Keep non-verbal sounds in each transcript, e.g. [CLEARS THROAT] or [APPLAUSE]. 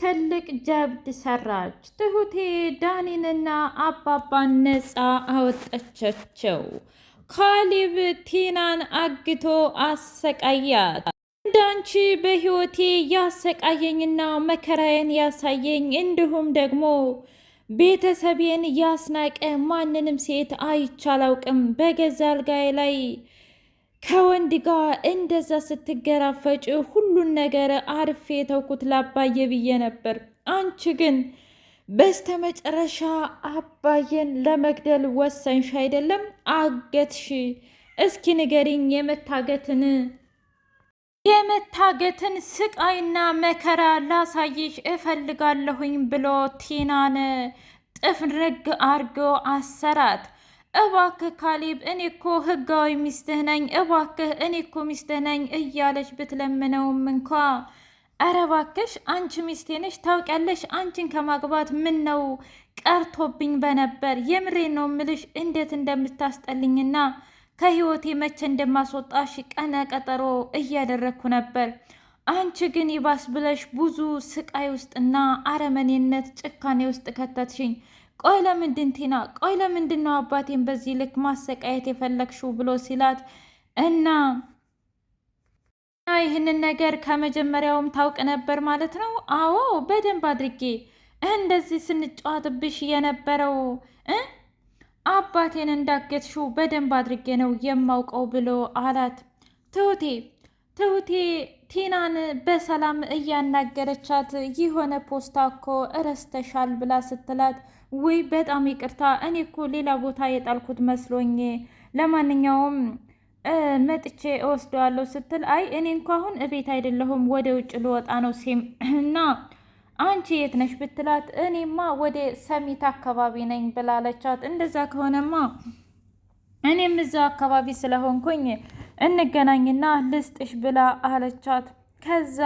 ትልቅ ጀብድ ሰራች። ትሁቴ ዳኒንና አባባን ነፃ አወጣቻቸው። ካሊብ ቲናን አግቶ አሰቃያት። እንዳንቺ በህይወቴ ያሰቃየኝና መከራዬን ያሳየኝ እንዲሁም ደግሞ ቤተሰቤን ያስናቀ ማንንም ሴት አይቻላውቅም። በገዛ አልጋዬ ላይ ከወንድ ጋር እንደዛ ስትገራፈጭ ሁሉን ነገር አርፌ የተውኩት ላባዬ ብዬ ነበር። አንቺ ግን በስተመጨረሻ አባዬን ለመግደል ወሰንሽ አይደለም? አገትሽ። እስኪ ንገሪኝ የመታገትን የመታገትን ስቃይና መከራ ላሳይሽ እፈልጋለሁኝ ብሎ ቲናን ጥፍንርግ አርጎ አሰራት። እባክህ ካሌብ እኔ እኮ ህጋዊ ሚስትህ ነኝ፣ እባክህ እኔ እኮ ሚስትህ ነኝ እያለች ብትለምነውም እንኳ ኧረ እባክሽ አንቺ ሚስቴ ነሽ ታውቂያለሽ፣ አንቺን ከማግባት ምን ነው ቀርቶብኝ በነበር። የምሬን ነው ምልሽ እንዴት እንደምታስጠልኝና ከህይወቴ መቼ እንደማስወጣሽ ቀነ ቀጠሮ እያደረግኩ ነበር። አንቺ ግን ይባስ ብለሽ ብዙ ስቃይ ውስጥና አረመኔነት ጭካኔ ውስጥ ከተትሽኝ። ቆይ ለምንድን ቲና፣ ቆይ ለምንድን ነው አባቴን በዚህ ልክ ማሰቃየት የፈለግሽው ብሎ ሲላት እና ይህንን ነገር ከመጀመሪያውም ታውቅ ነበር ማለት ነው? አዎ በደንብ አድርጌ እንደዚህ ስንጫወትብሽ የነበረው አባቴን እንዳገትሽው በደንብ አድርጌ ነው የማውቀው ብሎ አላት ትሁቴ ትሁቴ ቲናን በሰላም እያናገረቻት የሆነ ፖስታ እኮ እረስተሻል ብላ ስትላት፣ ውይ በጣም ይቅርታ እኔ እኮ ሌላ ቦታ የጣልኩት መስሎኝ፣ ለማንኛውም መጥቼ እወስደዋለሁ ስትል፣ አይ እኔ እንኳ አሁን እቤት አይደለሁም ወደ ውጭ ልወጣ ነው ሲም [CLEARS THROAT] እና አንቺ የት ነሽ ብትላት፣ እኔማ ወደ ሰሚት አካባቢ ነኝ ብላለቻት። እንደዛ ከሆነማ እኔም እዛው አካባቢ ስለሆንኩኝ እንገናኝና ልስጥሽ ብላ አለቻት። ከዛ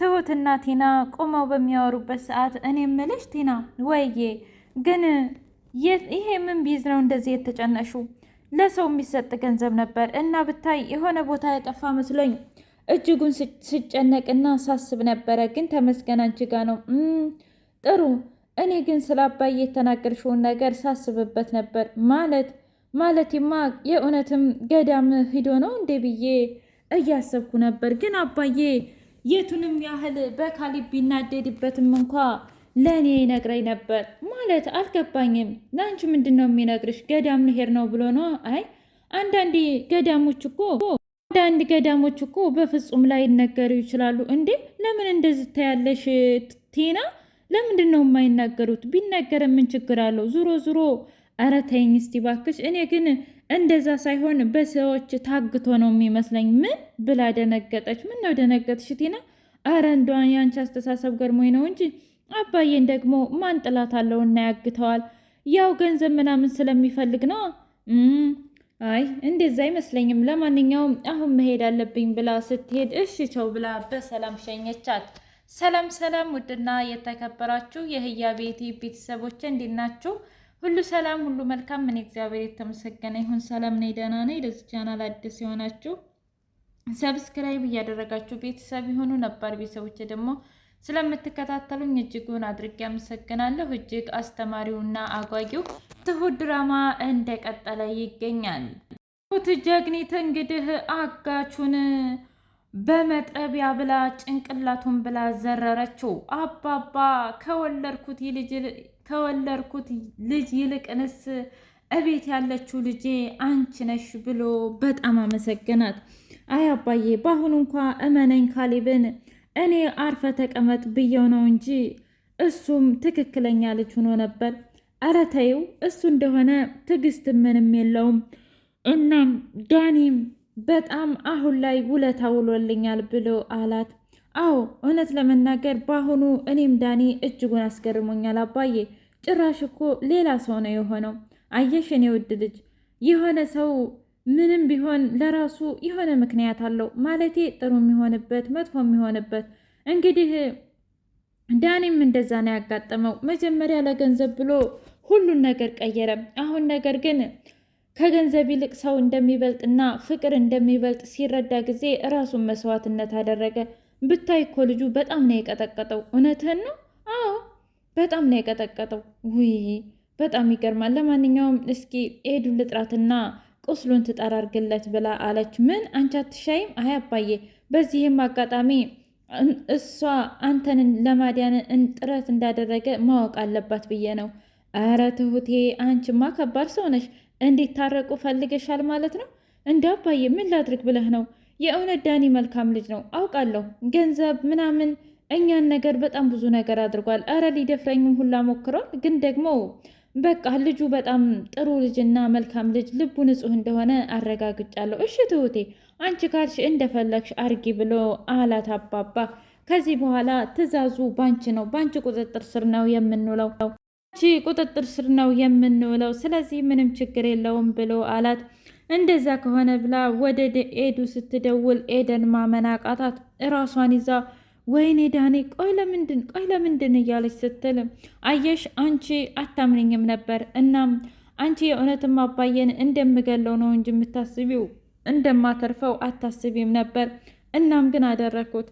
ትሁትና ቲና ቆመው በሚያወሩበት ሰዓት እኔ ምልሽ ቲና፣ ወይዬ ግን ይሄ ምን ቢዝ ነው እንደዚህ የተጨነሹ? ለሰው የሚሰጥ ገንዘብ ነበር እና ብታይ የሆነ ቦታ የጠፋ መስሎኝ እጅጉን ስጨነቅና ሳስብ ነበረ። ግን ተመስገን አንቺ ጋ ነው ጥሩ። እኔ ግን ስለ አባዬ የተናገርሽውን ነገር ሳስብበት ነበር ማለት ማ የእውነትም ገዳም ሂዶ ነው እንዴ ብዬ እያሰብኩ ነበር። ግን አባዬ የቱንም ያህል በካሊብ ቢናደድበትም እንኳ ለእኔ ይነግረኝ ነበር። ማለት አልገባኝም። ለአንቺ ምንድን ነው የሚነግርሽ? ገዳም ልሄድ ነው ብሎ ነው? አይ አንዳንድ ገዳሞች እኮ አንዳንድ ገዳሞች እኮ በፍጹም ላይ ይነገሩ ይችላሉ። እንዴ ለምን እንደዚህ ታያለሽ ቲና? ለምንድን ነው የማይናገሩት? ቢነገር ምን ችግር አለው? ዙሮ ዙሮ ኧረ ተይኝ እስቲ ባክሽ። እኔ ግን እንደዛ ሳይሆን በሰዎች ታግቶ ነው የሚመስለኝ። ምን ብላ ደነገጠች። ምን ነው ደነገጥሽ ቲና? ኧረ እንደዋ የአንቺ አስተሳሰብ ገርሞኝ ነው እንጂ አባዬን ደግሞ ማን ጥላት አለው እና ያግተዋል? ያው ገንዘብ ምናምን ስለሚፈልግ ነው። አይ እንደዛ አይመስለኝም። ለማንኛውም አሁን መሄድ አለብኝ ብላ ስትሄድ እሺ ቸው ብላ በሰላም ሸኘቻት። ሰላም ሰላም! ውድና የተከበራችሁ የህያ ቤቴ ቤተሰቦች እንዲናችሁ ሁሉ ሰላም፣ ሁሉ መልካም። እኔ እግዚአብሔር የተመሰገነ ይሁን። ሰላም ነኝ፣ ደህና ነኝ። ለዚህ ቻናል አዲስ የሆናችሁ ሰብስክራይብ እያደረጋችሁ ቤተሰብ የሆኑ ነባር ቤተሰቦች ደግሞ ስለምትከታተሉኝ እጅጉን አድርጌ አመሰግናለሁ። እጅግ አስተማሪውና አጓጊው ትሁት ድራማ እንደቀጠለ ይገኛል። ትሁት ጀግኒት እንግዲህ አጋቹን በመጥረቢያ ብላ ጭንቅላቱን ብላ ዘረረችው። አባባ ከወለድኩት ይልጅ ከወለድኩት ልጅ ይልቅንስ እቤት ያለችው ልጄ አንቺ ነሽ ብሎ በጣም አመሰገናት። አይ አባዬ፣ በአሁኑ እንኳ እመነኝ ካሊብን እኔ አርፈ ተቀመጥ ብየው ነው እንጂ እሱም ትክክለኛ ልጅ ሆኖ ነበር። ኧረ ተይው፣ እሱ እንደሆነ ትዕግስት ምንም የለውም። እናም ዳኒም በጣም አሁን ላይ ውለታ ውሎልኛል ብሎ አላት። አዎ እውነት ለመናገር በአሁኑ እኔም ዳኒ እጅጉን አስገርሞኛል። አባዬ ጭራሽ እኮ ሌላ ሰው ነው የሆነው። አየሽ እኔ ውድ ልጅ የሆነ ሰው ምንም ቢሆን ለራሱ የሆነ ምክንያት አለው። ማለቴ ጥሩ የሚሆንበት መጥፎ የሚሆንበት። እንግዲህ ዳኒም እንደዛ ነው ያጋጠመው። መጀመሪያ ለገንዘብ ብሎ ሁሉን ነገር ቀየረ። አሁን ነገር ግን ከገንዘብ ይልቅ ሰው እንደሚበልጥና ፍቅር እንደሚበልጥ ሲረዳ ጊዜ ራሱን መስዋዕትነት አደረገ። ብታይ እኮ ልጁ በጣም ነው የቀጠቀጠው። እውነትህን ነው? አዎ በጣም ነው የቀጠቀጠው። ውይ በጣም ይገርማል። ለማንኛውም እስኪ ኤዱ ልጥራትና ቁስሉን ትጠራርግለት ብላ አለች። ምን አንቺ አትሻይም? አይ አባዬ፣ በዚህም አጋጣሚ እሷ አንተንን ለማዳን ጥረት እንዳደረገ ማወቅ አለባት ብዬ ነው። ኧረ ትሁቴ፣ አንቺማ ከባድ ሰው ነሽ። እንዲታረቁ ፈልገሻል ማለት ነው? እንደ አባዬ ምን ላድርግ ብለህ ነው የእውነት ዳኒ መልካም ልጅ ነው አውቃለሁ። ገንዘብ ምናምን እኛን ነገር በጣም ብዙ ነገር አድርጓል። እረ ሊደፍረኝም ሁላ ሞክሯል። ግን ደግሞ በቃ ልጁ በጣም ጥሩ ልጅና መልካም ልጅ ልቡ ንጹሕ እንደሆነ አረጋግጫለሁ። እሺ ትሁቴ አንቺ ካልሽ እንደፈለግሽ አርጊ ብሎ አላት አባባ። ከዚህ በኋላ ትዕዛዙ ባንቺ ነው፣ ባንቺ ቁጥጥር ስር ነው የምንውለው፣ ባንቺ ቁጥጥር ስር ነው የምንውለው። ስለዚህ ምንም ችግር የለውም ብሎ አላት። እንደዛ ከሆነ ብላ ወደ ኤዱ ስትደውል ኤደን ማመን አቃታት። እራሷን ይዛ ወይኔ ዳኔ ቆይ ለምንድን ቆይ ለምንድን እያለች ስትል አየሽ አንቺ አታምንኝም ነበር። እናም አንቺ የእውነትም አባየን እንደምገለው ነው እንጂ የምታስቢው እንደማተርፈው አታስቢም ነበር። እናም ግን አደረግኩት።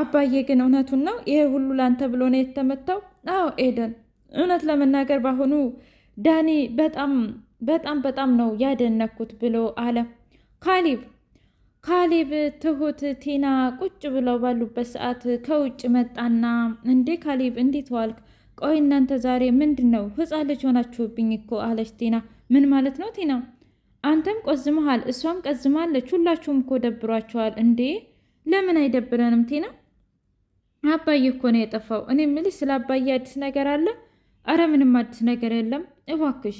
አባዬ ግን እውነቱን ነው ይሄ ሁሉ ላንተ ብሎ ነው የተመታው? አዎ ኤደን፣ እውነት ለመናገር በአሁኑ ዳኒ በጣም በጣም በጣም ነው ያደነኩት ብሎ አለ ካሌብ። ካሊብ ካሊብ ትሁት ቲና ቁጭ ብለው ባሉበት ሰዓት ከውጭ መጣና እንዴ ካሊብ እንዴት ዋልክ? ቆይ እናንተ ዛሬ ምንድን ነው ሕፃን ልጅ ሆናችሁብኝ እኮ አለች ቲና። ምን ማለት ነው ቲና? አንተም ቆዝመሃል፣ እሷም ቀዝማለች። ሁላችሁም እኮ ደብሯቸዋል እንዴ? ለምን አይደብረንም ቲና? አባዬ እኮ ነው የጠፋው። እኔ ምልሽ ስለ አባዬ አዲስ ነገር አለ? አረ ምንም አዲስ ነገር የለም እባክሽ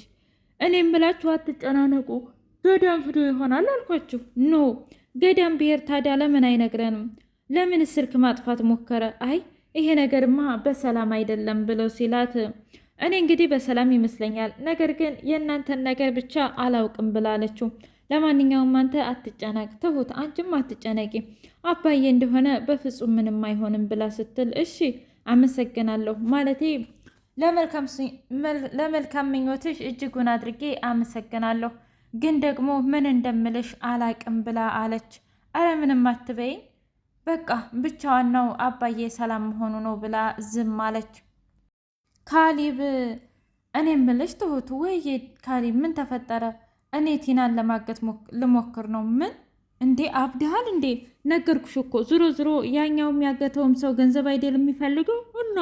እኔም ብላችሁ አትጨናነቁ፣ ገዳም ሂዶ ይሆናል አልኳችሁ። ኖ ገዳም ብሔር ታዲያ ለምን አይነግረንም? ለምን ስልክ ማጥፋት ሞከረ? አይ ይሄ ነገርማ በሰላም አይደለም ብለው ሲላት እኔ እንግዲህ በሰላም ይመስለኛል፣ ነገር ግን የእናንተን ነገር ብቻ አላውቅም ብላለችው። ለማንኛውም አንተ አትጨነቅ ትሁት፣ አንቺም አትጨነቂ፣ አባዬ እንደሆነ በፍጹም ምንም አይሆንም ብላ ስትል እሺ አመሰግናለሁ ማለቴ ለመልካም ምኞትሽ እጅጉን አድርጌ አመሰግናለሁ፣ ግን ደግሞ ምን እንደምልሽ አላቅም ብላ አለች። አረ ምንም አትበይ፣ በቃ ብቻ ዋናው አባዬ ሰላም መሆኑ ነው ብላ ዝም አለች። ካሊብ እኔ ምልሽ ትሁት፣ ወይ ካሊብ ምን ተፈጠረ? እኔ ቲናን ለማገት ልሞክር ነው። ምን እንዴ አብድሃል እንዴ? ነገርኩሽ እኮ ዝሮ ዝሮ ያኛውም ያገተውም ሰው ገንዘብ አይደል የሚፈልገው እና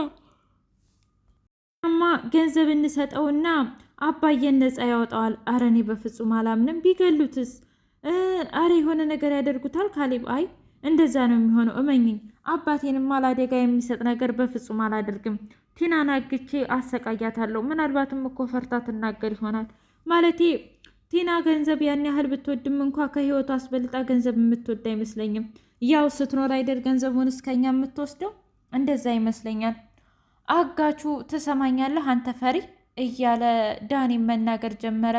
ማ ገንዘብ እንሰጠውና አባዬን ነፃ ያወጣዋል። አረ እኔ በፍጹም አላምንም። ቢገሉትስ? አረ የሆነ ነገር ያደርጉታል። ካሊብ አይ እንደዛ ነው የሚሆነው፣ እመኝኝ። አባቴንም አላደጋ የሚሰጥ ነገር በፍጹም አላደርግም። ቲናን አግቼ አሰቃያታለሁ። ምናልባትም እኮ ፈርታ ትናገር ይሆናል ማለቴ ቲና ገንዘብ ያን ያህል ብትወድም እንኳ ከህይወቱ አስበልጣ ገንዘብ የምትወድ አይመስለኝም። ያው ስትኖር አይደል ገንዘቡን እስከኛ የምትወስደው እንደዛ ይመስለኛል። አጋቹ ትሰማኛለህ አንተ ፈሪ እያለ ዳኔም መናገር ጀመረ።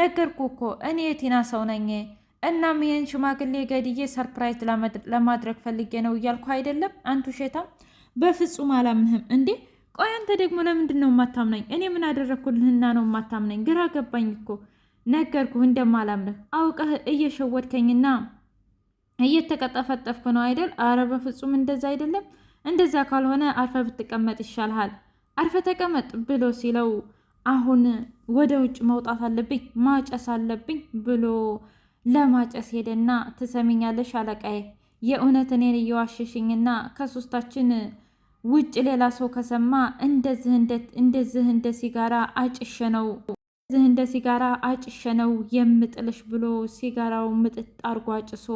ነገርኩ እኮ እኔ የቴና ሰው ነኝ። እናም ይህን ሽማግሌ ገድዬ ሰርፕራይዝ ለማድረግ ፈልጌ ነው እያልኩ አይደለም አንቱ ሼታም። በፍጹም አላምንህም እንዴ! ቆይ አንተ ደግሞ ለምንድን ነው የማታምናኝ? እኔ ምን አደረግኩልህና ነው ማታምናኝ ግራ ገባኝ እኮ ነገርኩህ እንደማላምንህ አውቀህ እየሸወድከኝና እየተቀጠፈጠፍኩ ነው አይደል? አረ በፍጹም እንደዛ አይደለም። እንደዚያ ካልሆነ አርፈ ብትቀመጥ ይሻልሃል፣ አርፈ ተቀመጥ ብሎ ሲለው አሁን ወደ ውጭ መውጣት አለብኝ ማጨስ አለብኝ ብሎ ለማጨስ ሄደና ትሰሚኛለሽ አለቃዬ፣ የእውነት እኔን እየዋሸሽኝና ከሶስታችን ውጭ ሌላ ሰው ከሰማ እንደዚህ እንደ ሲጋራ አጭሸ ነው እዚህ እንደ ሲጋራ አጭሸ ነው የምጥልሽ ብሎ ሲጋራው ምጥጥ አርጎ አጭሶ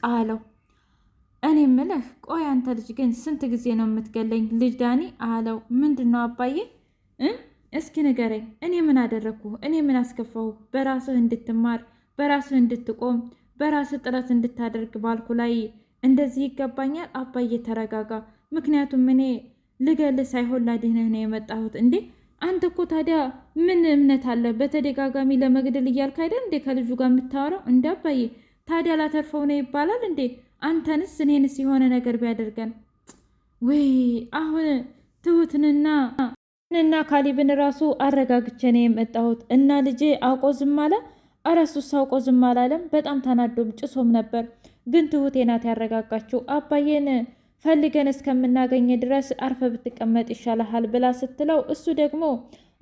ጣለው። እኔ ምልህ ቆይ አንተ ልጅ ግን ስንት ጊዜ ነው የምትገለኝ? ልጅ ዳኒ አለው። ምንድን ነው አባዬ? እስኪ ንገረኝ። እኔ ምን አደረግኩ? እኔ ምን አስከፋሁ? በራስህ እንድትማር በራስህ እንድትቆም በራስህ ጥረት እንድታደርግ ባልኩ ላይ እንደዚህ ይገባኛል? አባዬ ተረጋጋ። ምክንያቱም እኔ ልገልህ ሳይሆን ላድንህ ነው የመጣሁት። እንዴ አንተ እኮ ታዲያ ምን እምነት አለ? በተደጋጋሚ ለመግደል እያልክ አይደል እንዴ ከልጁ ጋር የምታወራው? እንደ አባዬ ታዲያ ላተርፈው ነው ይባላል እንዴ? አንተንስ እኔንስ የሆነ ነገር ቢያደርገን ወይ አሁን ትሁትንና እና ካሊብን ራሱ አረጋግቼ ነው የመጣሁት። እና ልጄ አውቆ ዝም አለ። ኧረ እሱስ አውቆ ዝም አላለም። በጣም ታናዶም ጭሶም ነበር። ግን ትሁቴ ናት ያረጋጋችው። አባዬን ፈልገን እስከምናገኝ ድረስ አርፈ ብትቀመጥ ይሻልሃል ብላ ስትለው እሱ ደግሞ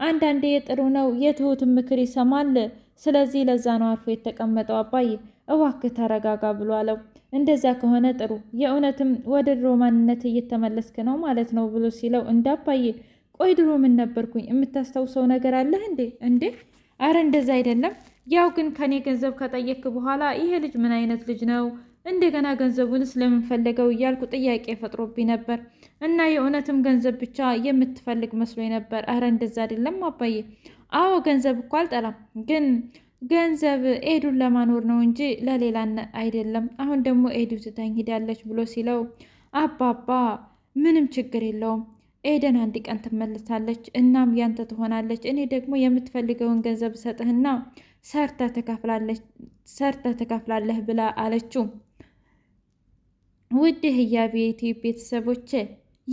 አንዳንዴ የጥሩ ነው የትሁትን ምክር ይሰማል። ስለዚህ ለዛ ነው አርፎ የተቀመጠው አባዬ እባክህ ተረጋጋ ብሎ አለው። እንደዚያ ከሆነ ጥሩ የእውነትም ወደ ድሮ ማንነት እየተመለስክ ነው ማለት ነው ብሎ ሲለው እንዳባዬ ቆይ ድሮ ምን ነበርኩኝ? የምታስታውሰው ነገር አለህ እንዴ? እንዴ አረ እንደዛ አይደለም። ያው ግን ከኔ ገንዘብ ከጠየክ በኋላ ይሄ ልጅ ምን አይነት ልጅ ነው? እንደገና ገንዘቡን ስለምንፈለገው እያልኩ ጥያቄ ፈጥሮብኝ ነበር። እና የእውነትም ገንዘብ ብቻ የምትፈልግ መስሎኝ ነበር። አረ እንደዛ አይደለም አባዬ። አዎ ገንዘብ እኮ አልጠላም፣ ግን ገንዘብ ኤዱን ለማኖር ነው እንጂ ለሌላ አይደለም። አሁን ደግሞ ኤዱ ትታኝ ሂዳለች ብሎ ሲለው አባባ ምንም ችግር የለውም ኤደን አንድ ቀን ትመልሳለች፣ እናም ያንተ ትሆናለች። እኔ ደግሞ የምትፈልገውን ገንዘብ ሰጥህና ሰርተ ትከፍላለህ ብላ አለችው። ውድ ህያቤ ቤተሰቦች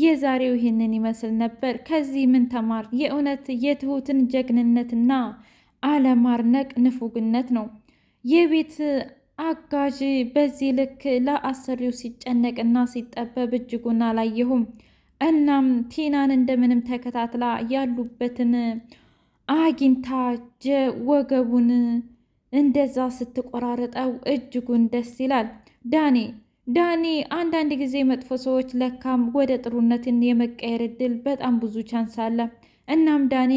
የዛሬው ይህንን ይመስል ነበር። ከዚህ ምን ተማር? የእውነት የትሁትን ጀግንነትና አለማርነቅ ንፉግነት ነው። የቤት አጋዥ በዚህ ልክ ለአሰሪው ሲጨነቅና ሲጠበብ እጅጉን አላየሁም። እናም ቲናን እንደምንም ተከታትላ ያሉበትን አግኝታ ጀ ወገቡን እንደዛ ስትቆራረጠው እጅጉን ደስ ይላል። ዳኒ ዳኒ አንዳንድ ጊዜ መጥፎ ሰዎች ለካም ወደ ጥሩነትን የመቀየር እድል በጣም ብዙ ቻንስ አለ። እናም ዳኒ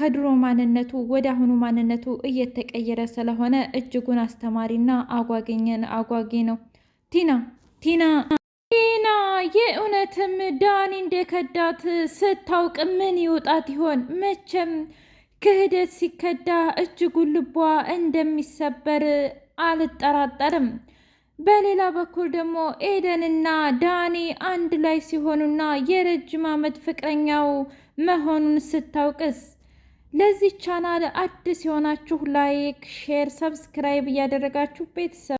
ከድሮ ማንነቱ ወደ አሁኑ ማንነቱ እየተቀየረ ስለሆነ እጅጉን አስተማሪና አጓገኘን አጓጊ ነው። ቲና ቲና ቲና የእውነትም ዳኒ እንደከዳት ስታውቅ ምን ይውጣት ይሆን? መቼም ክህደት ሲከዳ እጅጉን ልቧ እንደሚሰበር አልጠራጠርም። በሌላ በኩል ደግሞ ኤደንና ዳኒ አንድ ላይ ሲሆኑና የረጅም ዓመት ፍቅረኛው መሆኑን ስታውቅስ ለዚህ ቻናል አዲስ የሆናችሁ ላይክ፣ ሼር፣ ሰብስክራይብ እያደረጋችሁ ቤተሰብ